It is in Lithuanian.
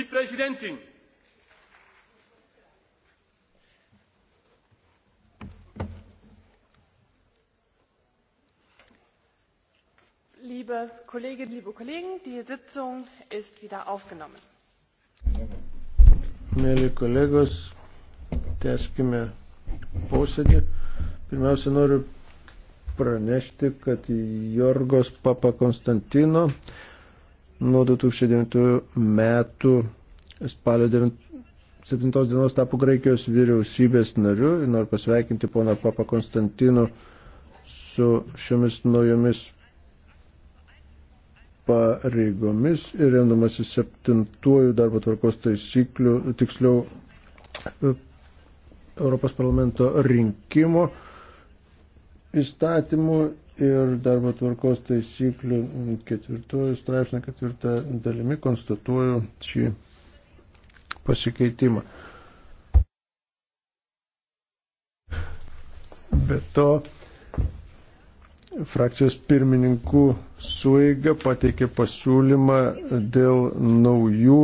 Die Präsidentin! Liebe Kolleginnen, liebe Kollegen, die Sitzung ist wieder aufgenommen. Mėly kolegos, tęskime posėdį. Pirmiausia, noriu pranešti, kad Jorgos Papa Konstantino nuo 2009 metų spalio 9, 7 dienos tapo Graikijos vyriausybės nariu ir noriu pasveikinti poną Papą Konstantinų su šiomis naujomis pareigomis ir remdamasi septintuoju darbo tvarkos taisyklių, tiksliau Europos parlamento rinkimo įstatymų ir darbo tvarkos taisyklių ketvirtojų straipsnio ketvirtą dalimi konstatuoju šį pasikeitimą. Be to, frakcijos pirmininkų suiga pateikė pasiūlymą dėl naujų